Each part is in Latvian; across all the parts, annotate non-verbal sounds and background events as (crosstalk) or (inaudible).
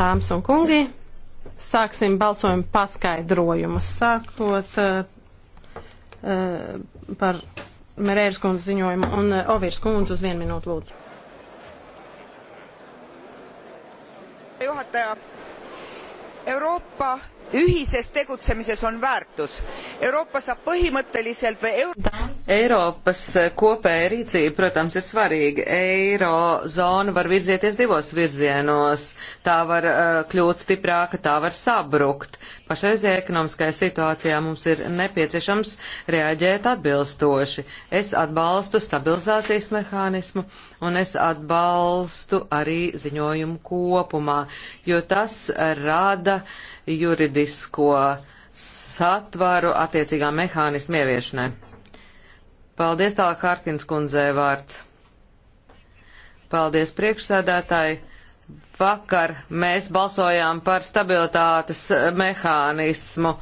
Dāmas un kungi, sāksim balsojumu paskaidrojumus, sākot uh, par Merēras kundzes ziņojumu un uh, Ovirs kundz uz vienu minūtu lūdzu. Juhataja, Euroopa ühises tegutsemises on väärtus. Euroopa saab põhimõtteliselt või euro... Eiropas eh, kopēja rīcība, protams, ir svarīga. Eiro zona var virzieties divos virzienos. Tā var uh, kļūt stiprāka, tā var sabrukt. Pašreizajā ekonomiskajā situācijā mums ir nepieciešams reaģēt atbilstoši. Es atbalstu stabilizācijas mehānismu un es atbalstu arī ziņojumu kopumā, jo tas rada juridisko satvaru attiecīgā mehānismu ieviešanai. Paldies tālāk Harkins kundzē vārds. Paldies priekšsēdētāji. Vakar mēs balsojām par stabilitātes mehānismu.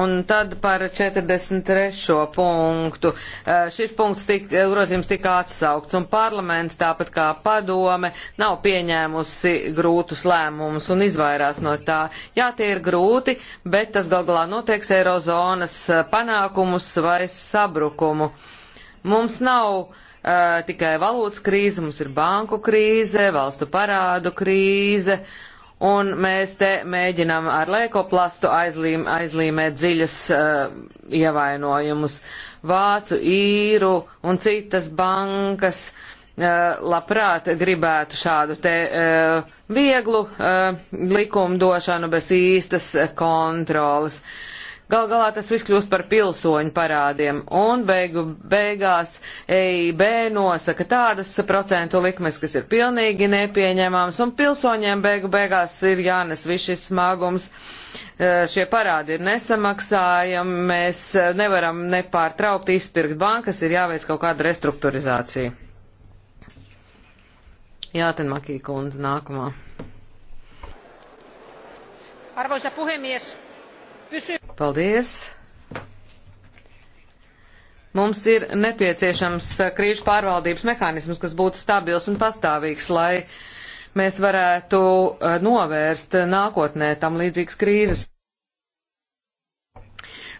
Un tad par 43. punktu. Eh, šis punkts tik, eh, grozījums tika atsaukts, un parlaments, tāpat kā padome, nav pieņēmusi grūtus lēmumus un izvairās no tā. Jā, tie ir grūti, bet tas galā noteiks eirozonas eh, panākumus vai sabrukumu. Uh, Mums nav uh, tikai valūtas krīze, mums ir banku krīze, valstu parādu krīze, un mēs te mēģinām ar lēkoplastu aizlīm, aizlīmēt dziļas uh, ievainojumus. Vācu, īru un citas bankas uh, labprāt gribētu šādu te uh, vieglu uh, likumdošanu bez īstas kontrolas. Uh, Gal galā tas viss kļūst par pilsoņu parādiem, un beigu beigās EIB nosaka tādas procentu likmes, kas ir pilnīgi nepieņemams, un pilsoņiem beigu beigās ir jānes viss šis smagums. E, šie parādi ir nesamaksājami, mēs nevaram nepārtraukti izpirkt bankas, ir jāveic kaut kāda restruktūrizācija. Jātenmakī kundze nākamā. Arvoisa puhemies, kysyn. Paldies! Mums ir nepieciešams eh, krīžu pārvaldības mehānisms, kas būtu stabils un pastāvīgs, lai mēs varētu eh, novērst nākotnē tam līdzīgas krīzes.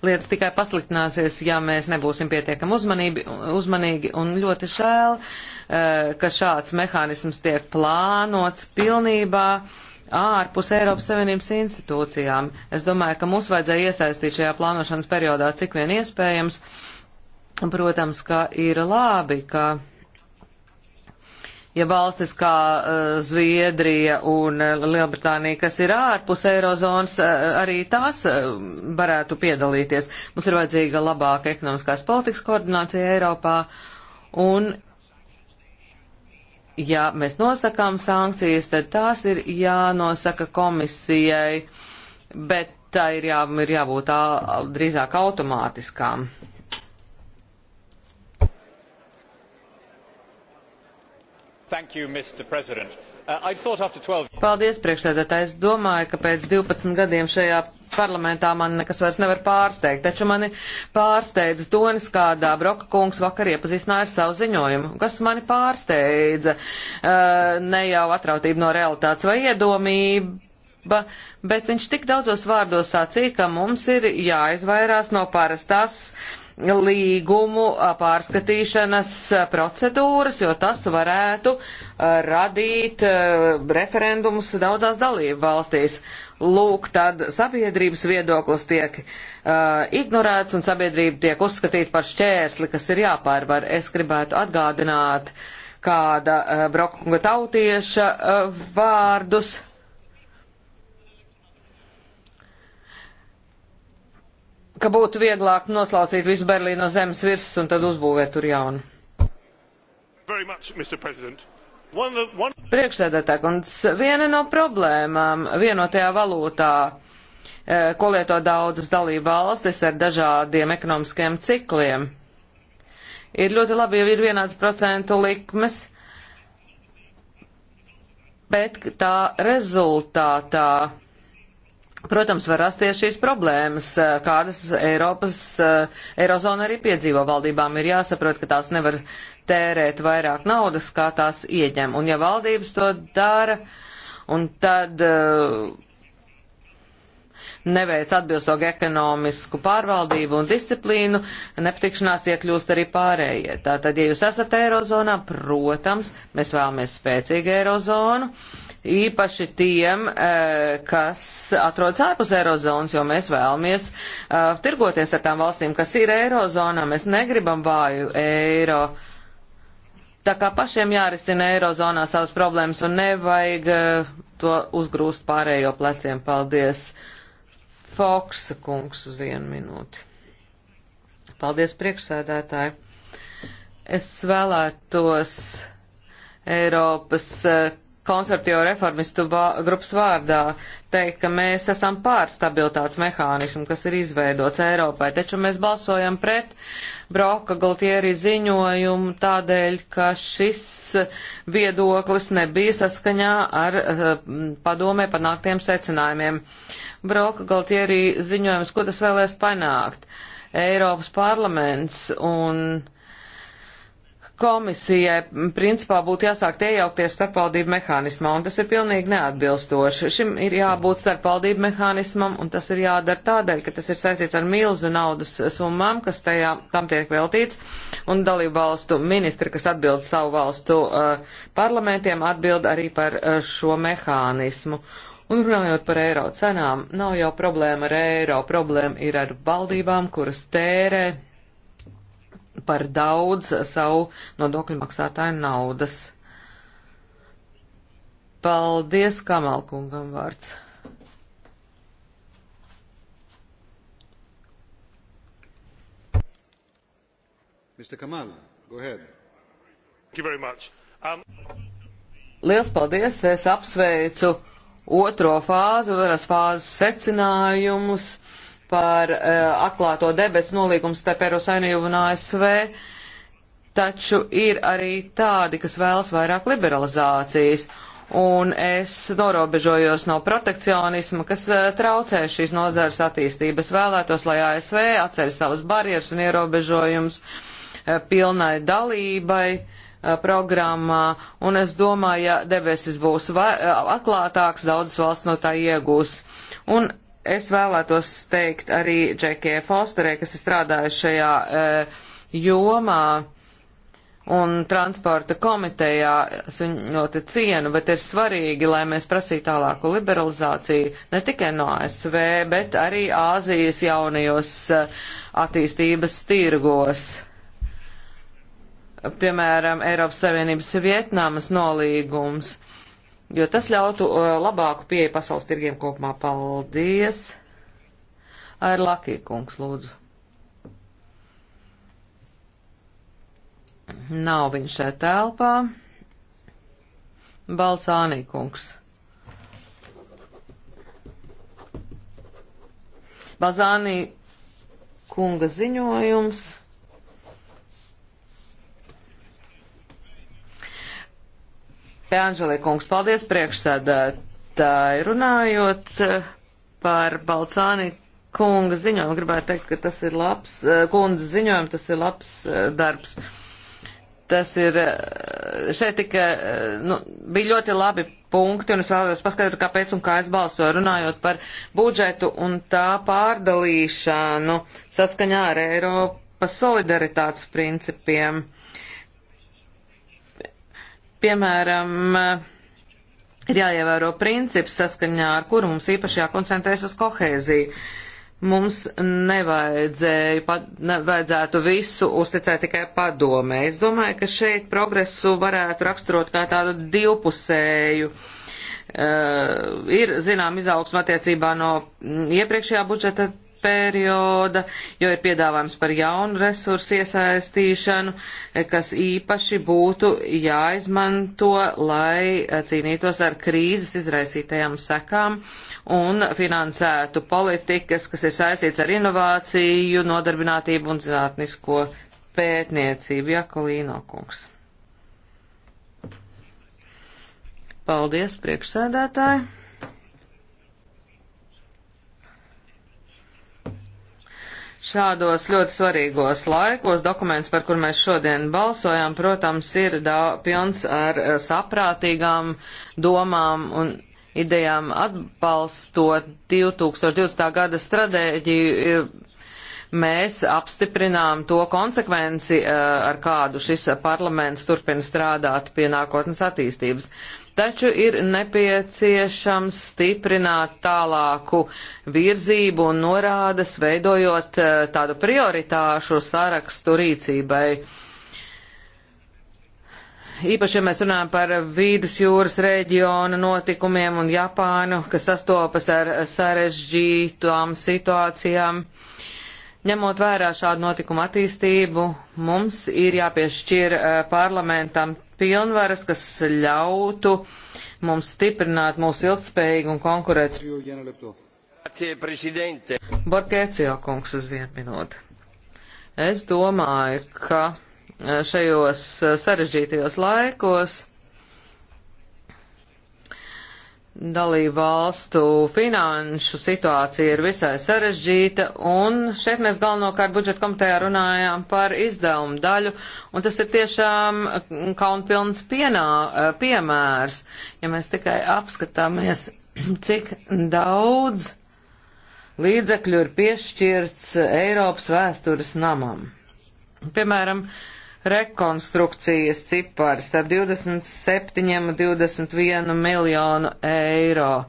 Lietas tikai pasliktināsies, ja mēs nebūsim pietiekami uzmanībi, uzmanīgi, un ļoti žēl, eh, ka šāds mehānisms tiek plānots pilnībā ārpus Eiropas Savienības institūcijām. Es domāju, ka mums vajadzēja iesaistīt šajā plānošanas periodā cik vien iespējams. Protams, ka ir labi, ka ja valstis kā eh, Zviedrija un eh, Lielbritānija, kas ir ārpus eirozonas, eh, arī tās varētu piedalīties. Mums ir vajadzīga labāka ekonomiskās politikas koordinācija Eiropā. Un ja mēs nosakām sankcijas, tad tās ir jānosaka komisijai, bet tā ir, jā, ir jābūt tā, drīzāk automātiskām. Thank you, Mr. President. Uh, 12... Paldies, priekšsēdētājs. Domāju, ka pēc 12 gadiem šajā parlamentā man nekas vairs nevar pārsteigt, taču mani pārsteidza tonis, kādā Broka kungs vakar iepazīstināja ar savu ziņojumu, kas mani pārsteidza, eh, ne jau atrautība no realitātes vai iedomība, bet viņš tik daudzos vārdos sacīja, ka mums ir jāizvairās no parastās uh, līgumu pārskatīšanas procedūras, jo tas varētu radīt referendumus daudzās dalību valstīs. Lūk, tad sabiedrības viedoklis tiek uh, ignorēts un sabiedrība tiek uzskatīta par šķērsli, kas ir jāpārvar. Es gribētu atgādināt kāda uh, Brokunga tautieša uh, vārdus. Uh, ka būtu vieglāk noslaucīt visu Berlīnu no zemes virsmas un tad uzbūvēt tur jaunu. Much, one the, one... Priekšsēdētā kundz, viena no problēmām vienotajā valūtā, eh, ko lieto daudzas dalība valstis ar dažādiem ekonomiskiem cikliem, ir ļoti labi, ja ir vienāds procentu likmes, bet tā rezultātā Protams, var rasties šīs problēmas, eh, kādas Eiropas, eh, Eirozona arī piedzīvo valdībām. Ir jāsaprot, ka tās nevar tērēt vairāk naudas, kā tās ieņem. Un ja valdības to dara, un tad eh, neveic atbilstogu ekonomisku pārvaldību un disciplīnu, nepatikšanās iekļūst arī pārējie. Tātad, ja jūs esat Eirozonā, protams, mēs vēlamies spēcīgu Eirozonu. Uh, īpaši tiem, eh, kas atrodas ārpus eirozonas, jo mēs vēlamies eh, tirgoties ar tām valstīm, kas ir eirozonā, mēs negribam vāju eiro. Tā kā pašiem jārisina eirozonā savas problēmas un nevajag eh, to uzgrūst pārējo pleciem. Paldies, Foksa kungs, uz vienu minūti. Paldies, priekšsēdētāji. Es vēlētos Eiropas konservatīvo reformistu grupas vārdā teikt, ka mēs esam pār stabilitātes mehānismu, kas ir izveidots Eiropai, taču mēs balsojam pret Broka Galtieri ziņojumu tādēļ, ka šis viedoklis nebija saskaņā ar uh, padomē panāktiem secinājumiem. Broka Galtieri ziņojums, ko tas vēlēs panākt? Eiropas parlaments un komisijai principā būtu jāsākt iejaukties starpvaldību mehānismā, un tas ir pilnīgi neatbilstoši. Šim ir jābūt starpvaldību mehānismam, un tas ir jādara tādēļ, ka tas ir saistīts ar milzu naudas summām, kas tajā tam tiek veltīts, un dalību valstu ministri, kas atbild savu valstu uh, parlamentiem, atbild arī par uh, šo mehānismu. Un runājot par eiro cenām, nav jau problēma ar eiro, problēma ir ar valdībām, kuras tērē par daudz savu nodokļu maksātāju naudas. Paldies Kamalkungam vārds. Mr. Kamal, go ahead. Thank you very much. Um... Liels paldies! Es apsveicu otro fāzi, otras fāzes secinājumus par uh, atklāto debesu nolīgumu starp Eiropas Savienību un ASV, taču ir arī tādi, kas vēlas vairāk liberalizācijas. Un es norobežojos no protekcionisma, kas uh, traucē šīs nozares attīstības. Vēlētos, lai ASV atceļ savas barjeras un ierobežojumus uh, pilnai dalībai programmā, un es domāju, ja debesis būs atklātāks, daudzas valsts no tā iegūs. Un es vēlētos teikt arī Džekie Fosterē, kas ir strādājis šajā eh, jomā un transporta komitejā, es viņu ļoti cienu, bet ir svarīgi, lai mēs prasītu tālāku liberalizāciju ne tikai no ASV, bet arī Āzijas jaunajos eh, attīstības tirgos. Piemēram, Eiropas Savienības Vietnamas nolīgums. Uh, jo tas ļautu uh, labāku pieeju pasaules tirgiem kopumā. Paldies! Ar Lakī kungs, lūdzu. Nav viņš šajā telpā. Balsānī kungs. Balzānī kunga ziņojums. Anželī kungs, paldies priekšsēdētāji. Runājot eh, par Balcāni kunga ziņojumu, gribētu teikt, ka tas ir labs, eh, kundzes ziņojumu, tas ir labs eh, darbs. Tas ir, šeit tika, nu, bija ļoti labi punkti, un es vēlos paskaidrot, kāpēc un kā es balsoju, runājot par budžetu un tā pārdalīšanu saskaņā ar Eiropas solidaritātes principiem. Uh, Piemēram, ir jāievēro princips, saskaņā ar kuru mums īpaši jākoncentrēs uz kohēziju. Mums nevajadzēja, pa, nevajadzētu visu uzticēt tikai padomē. Es domāju, ka šeit progresu varētu raksturot kā tādu divpusēju. Uh, ir, zinām, izaugsma attiecībā no iepriekšējā budžeta perioda, jo ir piedāvājums par jaunu resursu iesaistīšanu, eh, kas īpaši būtu jāizmanto, lai eh, cīnītos ar krīzes izraisītajām sekām un finansētu politikas, kas ir saistīts ar inovāciju, nodarbinātību un zinātnisko pētniecību. Jakolīno kungs. Paldies, priekšsēdētāji! Šādos ļoti svarīgos laikos dokuments, par kur mēs šodien balsojam, protams, ir da, pilns ar eh, saprātīgām domām un idejām atbalstot 2020. gada stratēģiju. Mēs apstiprinām to konsekvenci, eh, ar kādu šis parlaments turpina strādāt pie nākotnes attīstības. Uh, taču ir nepieciešams stiprināt tālāku virzību un norādes, veidojot eh, tādu prioritāšu sarakstu rīcībai. Īpaši, ja mēs runājam par vīdus jūras reģiona notikumiem un Japānu, kas sastopas ar sarežģītām situācijām. Ņemot vērā šādu notikumu attīstību, mums ir jāpiešķir eh, parlamentam pilnvaras, kas ļautu mums stiprināt mūsu ilgspējīgu un konkurēt. Borgēcijā kungs uz vienu minūti. Es domāju, ka šajos sarežģītajos laikos dalību valstu finanšu situācija ir visai sarežģīta, un šeit mēs galvenokārt budžeta komitejā runājām par izdevumu daļu, un tas ir tiešām kaunpilns pienā, piemērs, ja mēs tikai apskatāmies, (clears throat) cik daudz līdzekļu ir piešķirts Eiropas vēstures namam. Piemēram, uh, rekonstrukcijas cipars starp 27 un 21 miljonu eiro.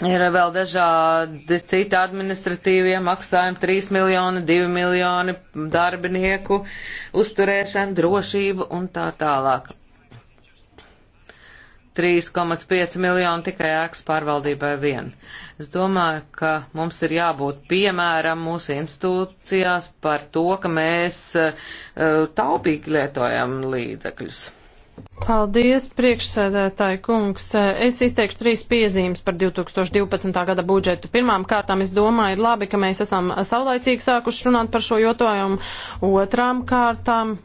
Ir vēl dažādi citi administratīvie maksājumi - 3 miljoni, 2 miljoni darbinieku, uzturēšana, drošība un tā tālāk. 3,5 miljoni tikai ēkas pārvaldībai vien. Es domāju, ka mums ir jābūt piemēram mūsu institūcijās par to, ka mēs eh, taupīgi lietojam līdzekļus. Paldies, priekšsēdētāji kungs. Es izteikšu trīs piezīmes par 2012. gada budžetu. Pirmām kārtām, es domāju, ir labi, ka mēs esam saulaicīgi sākuši runāt par šo jotojumu. Otrām kārtām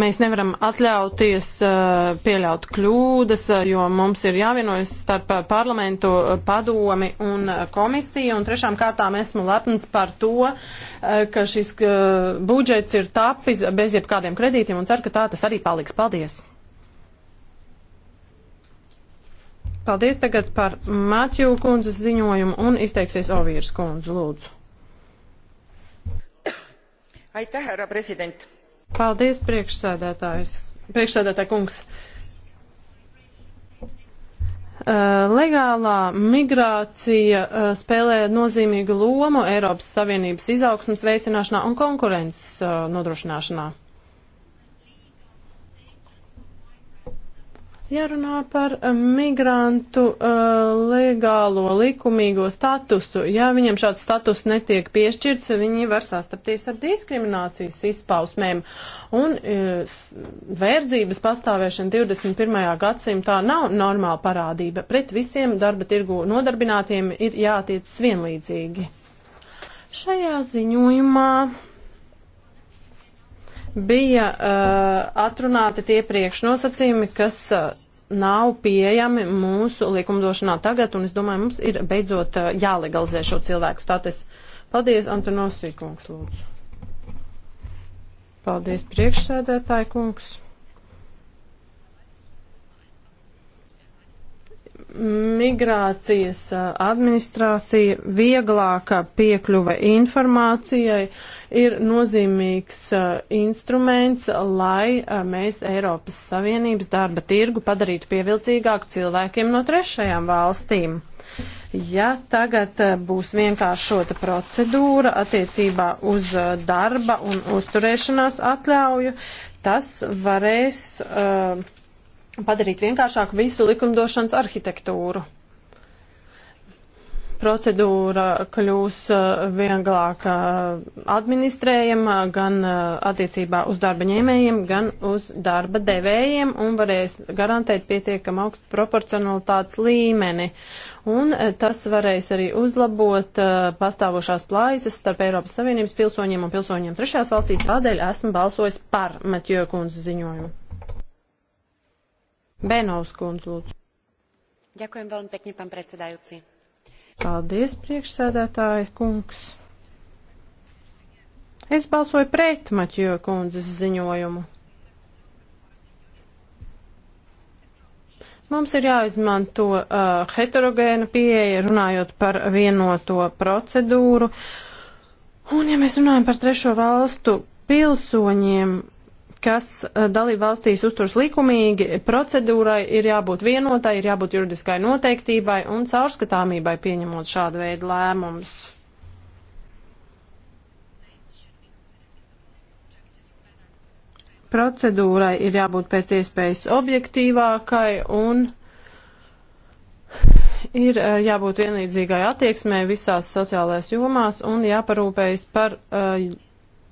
Mēs nevaram atļauties eh, pieļaut kļūdas, eh, jo mums ir jāvienojas starp eh, parlamentu padomi un komisiju. Un trešām kārtām esmu lepns par to, ka šis budžets ir tapis bez jebkādiem kredītiem un ceru, ka tā tas arī paliks. Paldies! Paldies tagad par Matju kundzes ziņojumu un izteiksies Ovīrs kundze, lūdzu. Aitäh, härra president! Paldies, priekšsēdētājs. Priekšsēdētāj kungs. Uh, legālā migrācija uh, spēlē nozīmīgu lomu Eiropas Savienības izaugsmas veicināšanā un konkurences uh, nodrošināšanā. Jārunā par eh, migrantu uh, legālo likumīgo statusu. Ja viņam šāds status netiek piešķirts, viņi var sastapties ar diskriminācijas izpausmēm. Un uh, vērdzības pastāvēšana 21. gadsimtā nav normāla parādība. Pret visiem darba tirgu nodarbinātiem ir jātiec vienlīdzīgi. Šajā ziņojumā bija uh, atrunāti tie priekšnosacījumi, kas uh, nav pieejami mūsu likumdošanā tagad, un es domāju, mums ir beidzot uh, jālegalizē šo cilvēku status. Paldies, Antonosī kungs, lūdzu. Paldies, priekšsēdētāji kungs. migrācijas administrācija vieglāka piekļuve informācijai ir nozīmīgs instruments, lai mēs Eiropas Savienības darba tirgu padarītu pievilcīgāku cilvēkiem no trešajām valstīm. Ja tagad būs vienkāršota procedūra attiecībā uz darba un uzturēšanās atļauju, tas varēs uh, padarīt vienkāršāku visu likumdošanas arhitektūru. Procedūra kļūs eh, vieglāk eh, administrējama gan eh, attiecībā uz darba ņēmējiem, gan uz darba devējiem un varēs garantēt pietiekam augstu proporcionalitātes līmeni. Un tas varēs arī uzlabot pastāvošās plājas starp Eiropas Savienības pilsoņiem un pilsoņiem trešās valstīs. Tādēļ esmu balsojis par Matjo kundzes ziņojumu. Benovs kundz, lūdzu. Ďakujem veľmi pekne, pán predsedajúci. Paldies, priekšsēdētāji kungs. Es balsoju pret Maķio kundzes ziņojumu. Mums ir jāizmanto uh, heterogēna pieeja, runājot par vienoto procedūru. Un, ja mēs runājam par trešo valstu pilsoņiem, kas eh, dalību valstīs uzturs likumīgi, procedūrai ir jābūt vienotai, ir jābūt juridiskai noteiktībai un caurskatāmībai pieņemot šādu veidu lēmumus. Procedūrai ir jābūt pēc iespējas objektīvākai un ir eh, jābūt vienlīdzīgai attieksmē visās sociālajās jomās un jāparūpējas par uh,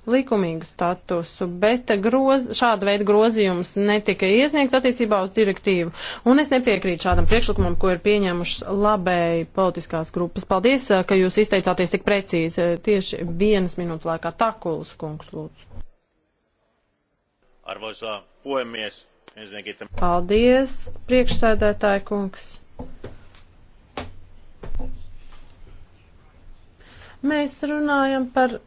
likumīgu statusu, bet groz, šāda veida grozījums netika iesniegts attiecībā uz direktīvu. Un es nepiekrītu šādam priekšlikumam, ko ir pieņēmušas labēji politiskās grupas. Paldies, eh, ka jūs izteicāties tik precīzi eh, tieši vienas minūtes laikā. Takulas kungs, lūdzu. Arvoisā puhemies, ensinnäkin tämä... Paldies, priekšsēdētāja kungs. Mēs runājam par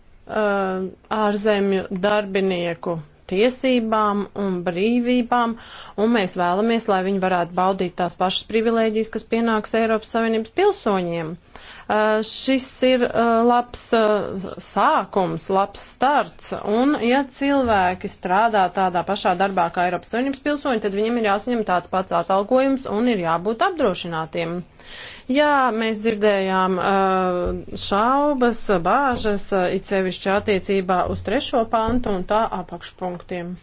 uh, ārzemju darbinieku tiesībām un brīvībām, un mēs vēlamies, lai viņi varētu baudīt tās pašas privilēģijas, kas pienāks Eiropas Savienības pilsoņiem. Uh, šis ir uh, labs uh, sākums, labs starts, un ja cilvēki strādā tādā pašā darbā kā Eiropas Savienības pilsoņi, tad viņiem ir jāsaņem tāds pats atalgojums un ir jābūt apdrošinātiem. Jā, mēs dzirdējām šaubas, bāžas, it sevišķi attiecībā uz trešo pantu un tā apakšpunktiem.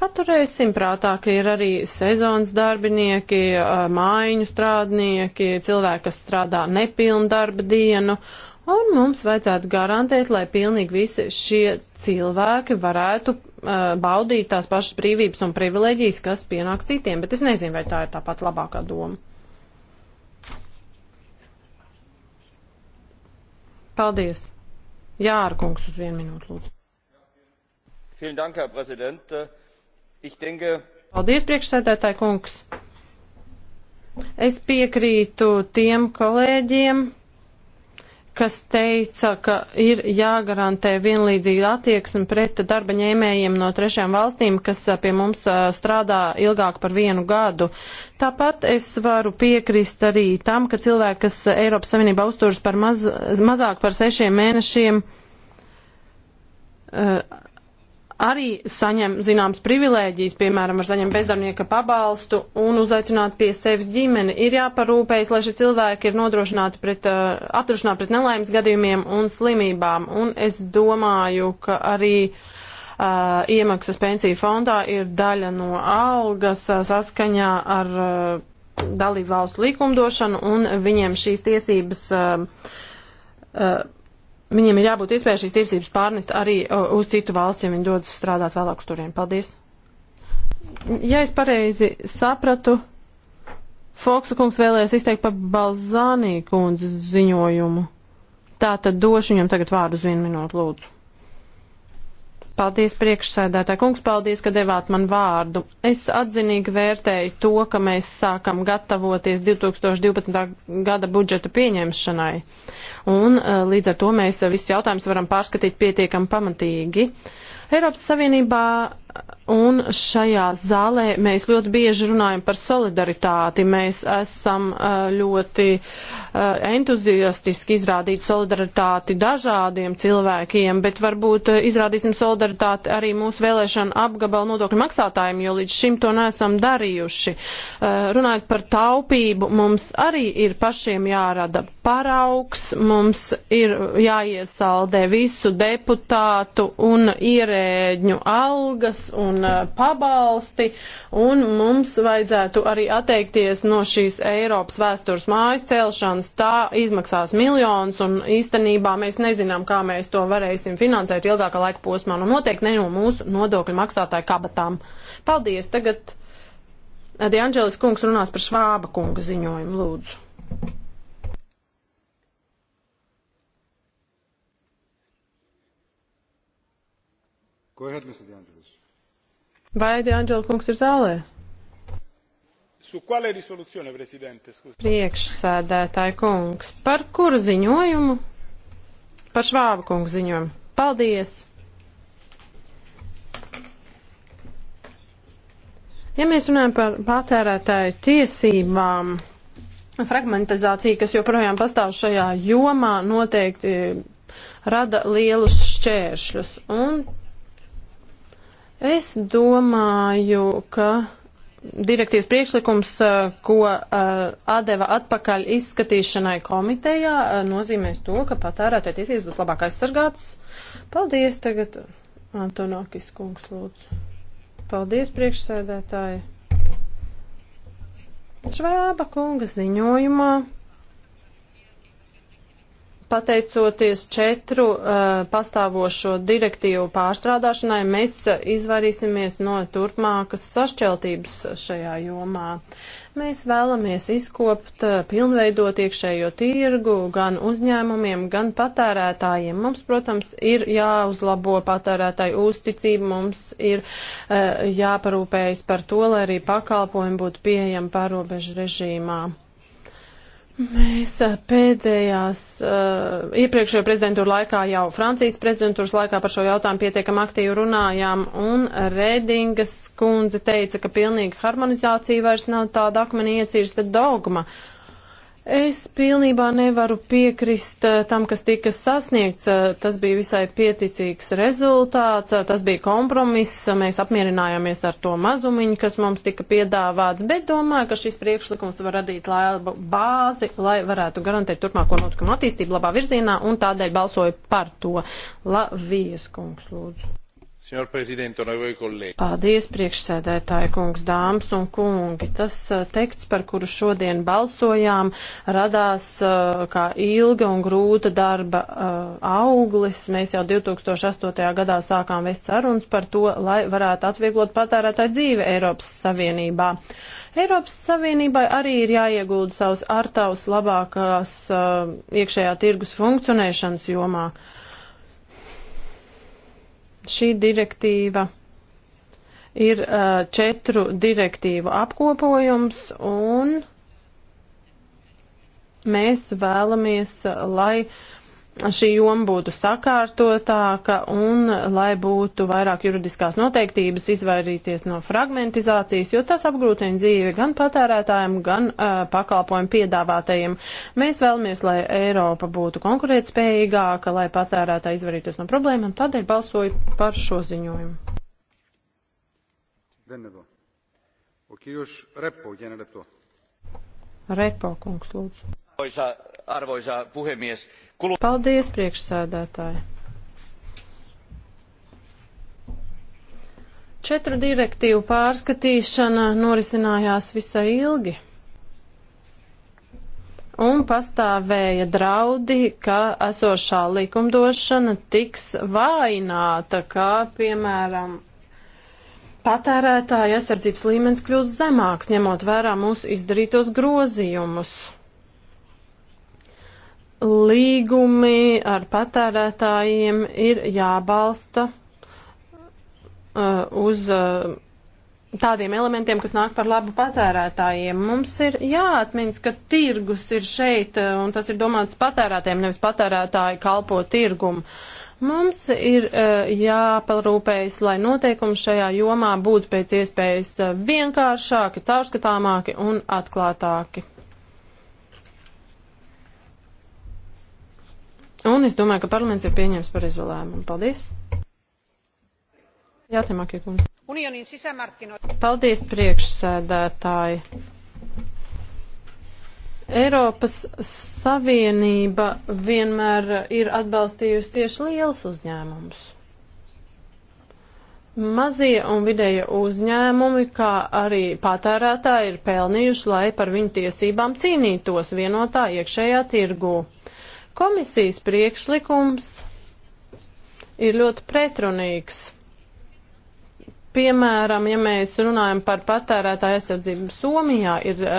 Paturēsim prātā, ka ir arī sezonas darbinieki, mājiņu strādnieki, cilvēki, kas strādā nepilnu darba dienu, un mums vajadzētu garantēt, lai pilnīgi visi šie cilvēki varētu baudīt tās pašas brīvības un privileģijas, kas pienāks citiem, bet es nezinu, vai tā ir tāpat labākā doma. Paldies. Jā, ar kungs uz vienu minūtu, lūdzu. Vielen Dank, Herr Präsident. Denke... Paldies, priekšsēdētāji kungs. Es piekrītu tiem kolēģiem, kas teica, ka ir jāgarantē vienlīdzīga attieksme pret darba ņēmējiem no trešām valstīm, kas uh, pie mums uh, strādā ilgāk par vienu gadu. Tāpat es varu piekrist arī tam, ka cilvēki, kas uh, Eiropas Savienībā uzturas par maz, mazāk par sešiem mēnešiem, arī saņem zināmas privilēģijas, piemēram, var saņemt bezdarbnieka pabalstu un uzaicināt pie sevis ģimeni. Ir jāparūpējas, lai šie cilvēki ir nodrošināti pret, uh, atrašanāt pret nelaimes gadījumiem un slimībām. Un es domāju, ka arī uh, iemaksas pensiju fondā ir daļa no algas uh, saskaņā ar uh, dalību valstu likumdošanu un viņiem šīs tiesības. Uh, uh, viņiem ir jābūt iespēja šīs tiesības pārnest arī uz citu valsts, ja viņi dodas strādāt vēlāk uz turien. Paldies! Ja es pareizi sapratu, Foksa kungs vēlējās izteikt par Balzānī kundzes ziņojumu. Tā tad došu viņam tagad vārdu uz vienu minūtu, lūdzu. Paldies, priekšsēdētāji kungs, paldies, ka devāt man vārdu. Es atzinīgi vērtēju to, ka mēs sākam gatavoties 2012. gada budžeta pieņemšanai. Un eh, līdz ar to mēs visus jautājumus varam pārskatīt pietiekam pamatīgi. Eiropas Savienībā Un šajā zālē mēs ļoti bieži runājam par solidaritāti. Mēs esam eh, ļoti eh, entuziastiski izrādīt solidaritāti dažādiem cilvēkiem, bet varbūt eh, izrādīsim solidaritāti arī mūsu vēlēšanu apgabalu nodokļu maksātājiem, jo līdz šim to neesam darījuši. Runājot par taupību, mums arī ir pašiem jārada paraugs, mums ir jāiesaldē visu deputātu un ierēģu algas algas un uh, pabalsti, un mums vajadzētu arī atteikties no šīs Eiropas vēstures mājas celšanas. Tā izmaksās miljonus, un īstenībā mēs nezinām, kā mēs to varēsim finansēt ilgākā laika posmā, un nu, noteikti ne no mūsu nodokļu maksātāju kabatām. Paldies! Tagad Dianģelis kungs runās par Švāba kunga ziņojumu, lūdzu. Go ahead, Mr. DeAndre. Vai Deanģela kungs ir zālē? Priekšsēdētāji kungs, par kuru ziņojumu? Par Švāba kungu ziņojumu. Paldies! Ja mēs runājam par patērētāju tiesībām, fragmentizācija, kas joprojām pastāv šajā jomā, noteikti rada lielus šķēršļus. Un Es domāju, ka direktīvas priekšlikums, eh, ko eh, atdeva atpakaļ izskatīšanai komitejā, eh, nozīmēs to, ka patērētāja tiesības būs labāk aizsargātas. Paldies tagad, Antonakis kungs, lūdzu. Paldies, priekšsēdētāji. Švēba kunga ziņojumā pateicoties četru uh, pastāvošo direktīvu pārstrādāšanai, mēs izvairīsimies no turpmākas sašķeltības šajā jomā. Mēs vēlamies izkopt, uh, pilnveidot iekšējo tirgu gan uzņēmumiem, gan patērētājiem. Mums, protams, ir jāuzlabo patērētāju uzticību, mums ir uh, jāparūpējas par to, lai arī pakalpojumi būtu pieejami pārobežu režīmā. Mēs eh, pēdējās, uh, iepriekšējā prezidentūra laikā jau Francijas prezidentūras laikā par šo jautājumu pietiekam aktīvi runājām, un Redingas kundze teica, ka pilnīga harmonizācija vairs nav tāda akmenī iecīrsta dogma. Uh, Es pilnībā nevaru piekrist eh, tam, kas tika sasniegts. Eh, tas bija visai pieticīgs rezultāts, eh, tas bija kompromiss, mēs apmierinājāmies ar to mazumiņu, kas mums tika piedāvāts, bet domāju, ka šis priekšlikums var radīt labu bāzi, lai varētu garantēt turpmāko notikumu attīstību labā virzienā, un tādēļ balsoju par to. Lavijas kungs, lūdzu. Paldies, priekšsēdētāji kungs, dāmas un kungi. Tas eh, teksts, par kuru šodien balsojām, radās eh, kā ilga un grūta darba eh, auglis. Mēs jau 2008. gadā sākām vest sarunas par to, lai varētu atvieglot patērētāju dzīvi Eiropas Savienībā. Eiropas Savienībai arī ir jāiegulda savus artavus labākās iekšējā tirgus funkcionēšanas jomā šī direktīva ir uh, četru direktīvu apkopojums un mēs vēlamies, lai uh, šī joma būtu sakārtotāka un lai būtu vairāk juridiskās noteiktības izvairīties no fragmentizācijas, jo tas apgrūtina dzīvi gan patērētājiem, gan uh, pakalpojumu piedāvātajiem. Mēs vēlamies, lai Eiropa būtu konkurētspējīgāka, lai patērētāji izvairītos no problēmām, tādēļ balsoju par šo ziņojumu. Repo, Repo kungs, lūdzu arvoisa puhemies. Paldies, priekšsēdētāji. Četru direktīvu pārskatīšana norisinājās visai ilgi. Un pastāvēja draudi, ka esošā likumdošana tiks vājināta, kā piemēram patērētāja aizsardzības līmenis kļūs zemāks, ņemot vērā mūsu izdarītos grozījumus. Līgumi ar patērētājiem ir jābalsta uh, uz uh, tādiem elementiem, kas nāk par labu patērētājiem. Mums ir jāatminas, ka tirgus ir šeit uh, un tas ir domāts patērētājiem, nevis patērētāji kalpo tirgumu. Mums ir uh, jāparūpējas, lai noteikumi šajā jomā būtu pēc iespējas uh, vienkāršāki, caurskatāmāki un atklātāki. Un es domāju, ka parlaments ir pieņēmis pareizo lēmumu. Paldies! Jātiemāk, Jekun. Unionin sisämarkkinoita. Paldies, priekšsēdētāji. Eiropas Savienība vienmēr ir atbalstījusi tieši liels uzņēmums. Mazie un vidēja uzņēmumi, kā arī patērētāji, ir pelnījuši, lai par viņu tiesībām cīnītos vienotā iekšējā tirgū. Komisijas priekšlikums ir ļoti pretrunīgs. Piemēram, ja mēs runājam par patērētāju aizsardzību Somijā, ir uh,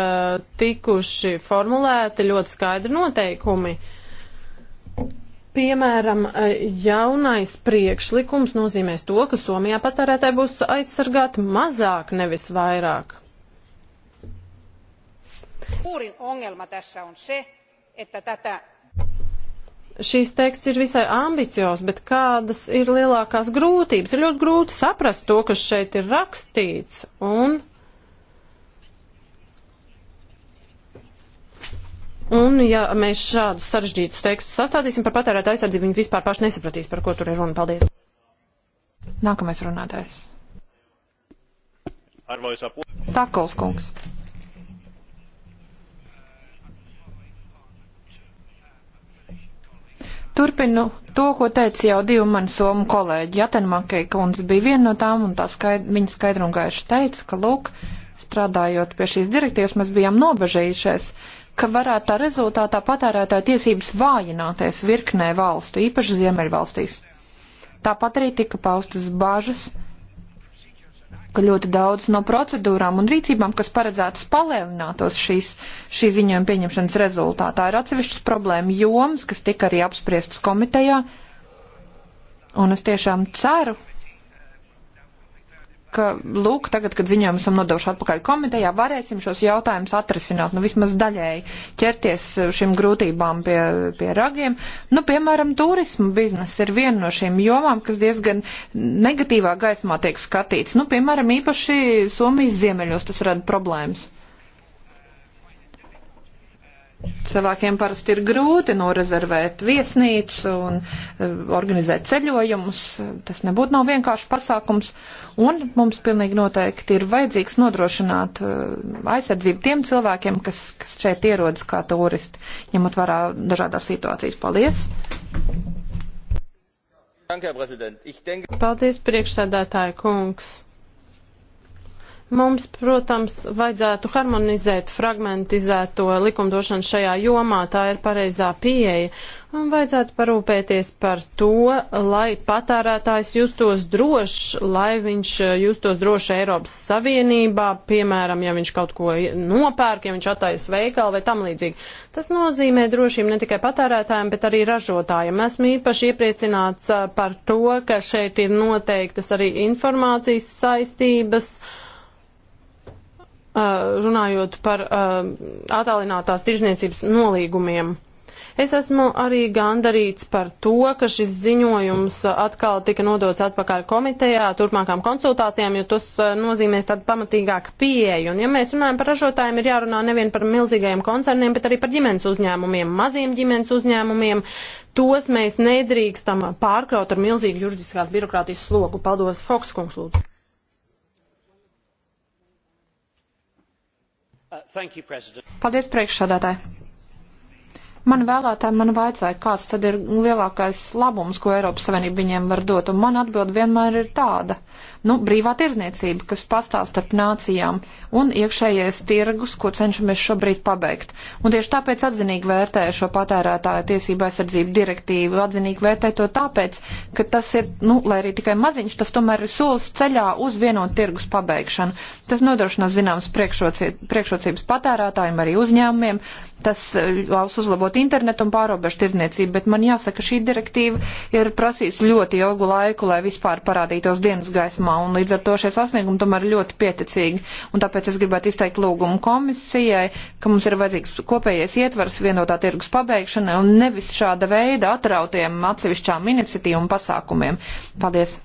tikuši formulēti ļoti skaidri noteikumi. Piemēram, uh, jaunais priekšlikums nozīmēs to, ka Somijā patērētāji būs aizsargāti mazāk, nevis vairāk. Suurin ongelma tässä on se, että tätä šīs teksts ir visai ambiciozs, bet kādas ir lielākās grūtības? Ir ļoti grūti saprast to, kas šeit ir rakstīts. Un, un ja mēs šādus sarežģītus tekstus sastādīsim par patērētu aizsardzību, viņi vispār paši nesapratīs, par ko tur ir runa. Paldies! Nākamais runātājs. Takols kungs. Turpinu to, ko teica jau divi mani somu kolēģi. Jatenmakei kundze bija viena no tām, un tā skaid, viņa skaidru un gaišu teica, ka, lūk, strādājot pie šīs direktīvas, mēs bijām nobežījušies, ka varētu tā rezultātā patērētāja tiesības vājināties virknē valstu, īpaši ziemeļvalstīs. Tāpat arī tika paustas bažas ka ļoti daudz no procedūrām un rīcībām, kas paredzētas palielinātos šīs, šī ziņojuma pieņemšanas rezultātā, ir atsevišķas problēma jomas, kas tika arī apspriestas komitejā. Un es tiešām ceru, ka, lūk, tagad, kad ziņojumu esam nodevuši atpakaļ komitejā, varēsim šos jautājumus atrisināt, nu vismaz daļēji ķerties šīm grūtībām pie, pie ragiem. Nu, piemēram, turismu biznes ir viena no šīm jomām, kas diezgan negatīvā gaismā tiek skatīts. Nu, piemēram, īpaši Somijas ziemeļos tas rada problēmas. Cilvēkiem parasti ir grūti norezervēt viesnīcu un e, organizēt ceļojumus. Tas nebūtu nav vienkārši pasākums. Un mums pilnīgi noteikti ir vajadzīgs nodrošināt e, aizsardzību tiem cilvēkiem, kas, kas šeit ierodas kā turisti, ņemot vērā dažādās situācijas. Paldies! Paldies, priekšsēdētāja kungs! Mums, protams, vajadzētu harmonizēt fragmentizēto likumdošanu šajā jomā, tā ir pareizā pieeja, un vajadzētu parūpēties par to, lai patērētājs justos drošs, lai viņš justos droši Eiropas Savienībā, piemēram, ja viņš kaut ko nopērk, ja viņš atājas veikalu vai tam līdzīgi. Tas nozīmē drošību ne tikai patērētājiem, bet arī ražotājiem. Esmu īpaši iepriecināts uh, par to, ka šeit ir noteiktas arī informācijas saistības, uh, Uh, runājot par uh, attālinātās tirzniecības nolīgumiem. Es esmu arī gandarīts par to, ka šis ziņojums uh, atkal tika nodots atpakaļ komitejā turpmākām konsultācijām, jo tas nozīmēs tādu pamatīgāku pieeju. Un ja mēs runājam par ražotājiem, ir jārunā nevien par milzīgajiem koncerniem, bet arī par ģimenes uzņēmumiem, maziem ģimenes uzņēmumiem. Tos mēs nedrīkstam pārkraut ar milzīgu juridiskās birokrātijas slogu. Paldos, Fokskungs, lūdzu. Uh, Paldies, priekšsādātāji! Man vēlētāji man vaicāja, kāds tad ir lielākais labums, ko Eiropas Savienība viņiem var dot, un man atbild vienmēr ir tāda. Uh, nu, brīvā tirzniecība, kas pastāv starp nācijām, un iekšējais tirgus, ko cenšamies šobrīd pabeigt. Un tieši tāpēc atzinīgi vērtēju šo patērētāju tiesību aizsardzību direktīvu, atzinīgi vērtēju to tāpēc, ka tas ir, nu, lai arī tikai maziņš, tas tomēr ir solis ceļā uz vienot tirgus pabeigšanu. Tas nodrošinās zināmas priekšrocības patērētājiem, arī uzņēmumiem, tas e, ļaus uzlabot internetu un pārobežu tirdzniecību, bet man jāsaka, šī direktīva ir prasījusi ļoti ilgu laiku, lai vispār parādītos dienas gaismā jomā, un līdz ar to šie sasniegumi tomēr ļoti pieticīgi. Un tāpēc es gribētu izteikt lūgumu komisijai, ka mums ir vajadzīgs kopējais ietvars vienotā tirgus pabeigšanai un nevis šāda veida atrautiem atsevišķām iniciatīvu un pasākumiem. Paldies!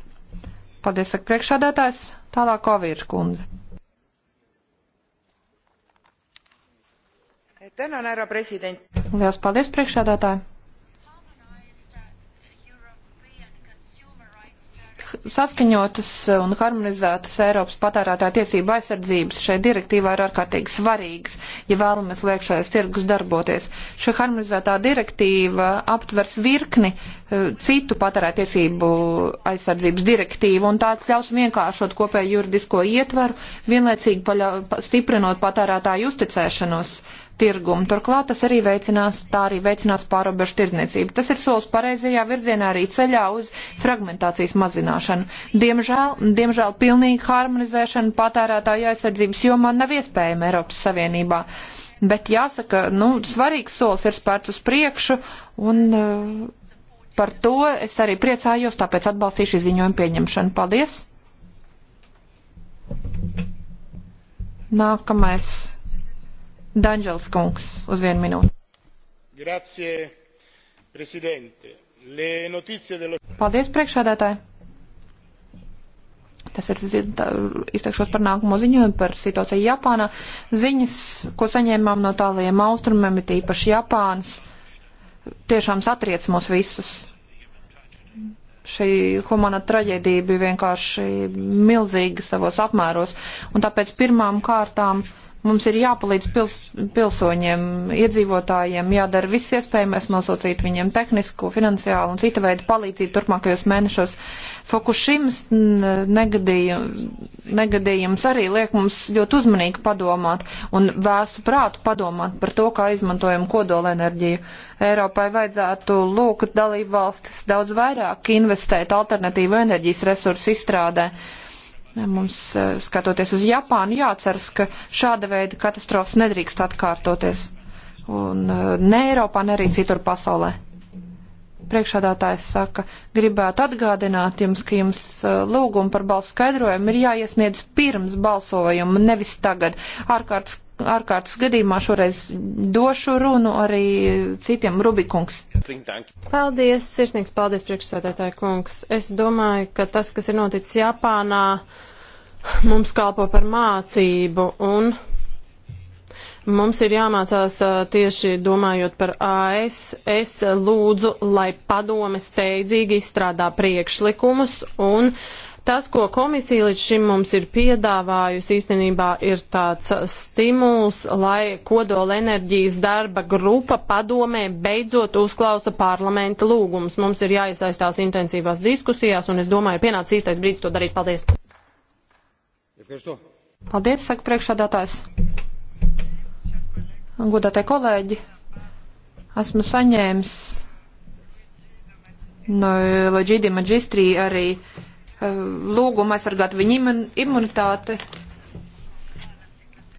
Paldies, saka priekšādātājs. Tālāk Kovīrs kundze. Tänan, härra president. Liels paldies, priekšādātāji. saskaņotas un harmonizētas Eiropas patērētāja tiesība aizsardzības šai direktīvā ir ārkārtīgi svarīgas, ja vēlamies liekšējais tirgus darboties. Šī harmonizētā direktīva aptvers virkni eh, citu patērētāja tiesību aizsardzības direktīvu, un tāds ļaus vienkāršot kopēju juridisko ietvaru, vienlaicīgi paļa, stiprinot patērētāju uzticēšanos tirgumu. Turklāt tas arī veicinās, tā arī veicinās pārobežu tirdzniecību. Tas ir solis pareizajā virzienā arī ceļā uz fragmentācijas mazināšanu. Diemžēl, diemžēl pilnīga harmonizēšana patērētāju aizsardzības jomā nav iespējama Eiropas Savienībā. Bet jāsaka, nu, svarīgs solis ir spērts uz priekšu un uh, par to es arī priecājos, tāpēc atbalstīšu ziņojumu pieņemšanu. Paldies! Nākamais Danžels kungs uz vienu minūti. Grazie, prezidente. Le notizie dello... Paldies, priekšādātāji. Tas ir izteikšos par nākamo ziņojumu par situāciju Japānā. Ziņas, ko saņēmām no tālajiem austrumiem, ir īpaši Japānas, tiešām satriec mūs visus šī humana traģēdija bija vienkārši milzīga savos apmēros. Un tāpēc pirmām kārtām uh, Mums ir jāpalīdz pils, pilsoņiem, iedzīvotājiem, jādara viss iespējamais, nosocīt viņiem tehnisku, finansiālu un cita veida palīdzību turpmākajos mēnešos. Fukushimas negadījums arī liek mums ļoti uzmanīgi padomāt un vēsu prātu padomāt par to, kā izmantojam kodolenerģiju. Eiropai vajadzētu lūgt dalību valstis daudz vairāk investēt alternatīvu enerģijas resursu izstrādē. Uh, Mums, e, skatoties uz Japānu, jāceras, ka šāda veida katastrofas nedrīkst atkārtoties. Un e, ne Eiropā, ne arī citur pasaulē. Priekšādātājs saka, gribētu atgādināt jums, ka jums e, lūgumu par balsu skaidrojumu ir jāiesniedz pirms balsojuma, nevis tagad. Ārkārtas ārkārtas gadījumā šoreiz došu runu arī citiem Rubikungs. Paldies, sirsnīgs paldies, priekšsēdētāji kungs. Es domāju, ka tas, kas ir noticis Japānā, mums kalpo par mācību un Mums ir jāmācās tieši domājot par AS. Es lūdzu, lai padome steidzīgi izstrādā priekšlikumus un uh, Tas, ko komisija līdz šim mums ir piedāvājusi, īstenībā ir tāds stimuls, lai kodola enerģijas darba grupa padomē beidzot uzklausa parlamenta lūgumus. Mums ir jāiesaistās intensīvās diskusijās, un es domāju, pienācis īstais brīdis to darīt. Paldies! Paldies, saka priekšādātājs. Godātie kolēģi, esmu saņēmis no Loģīdi Maģistrī arī lūgumu aizsargāt viņu imunitāti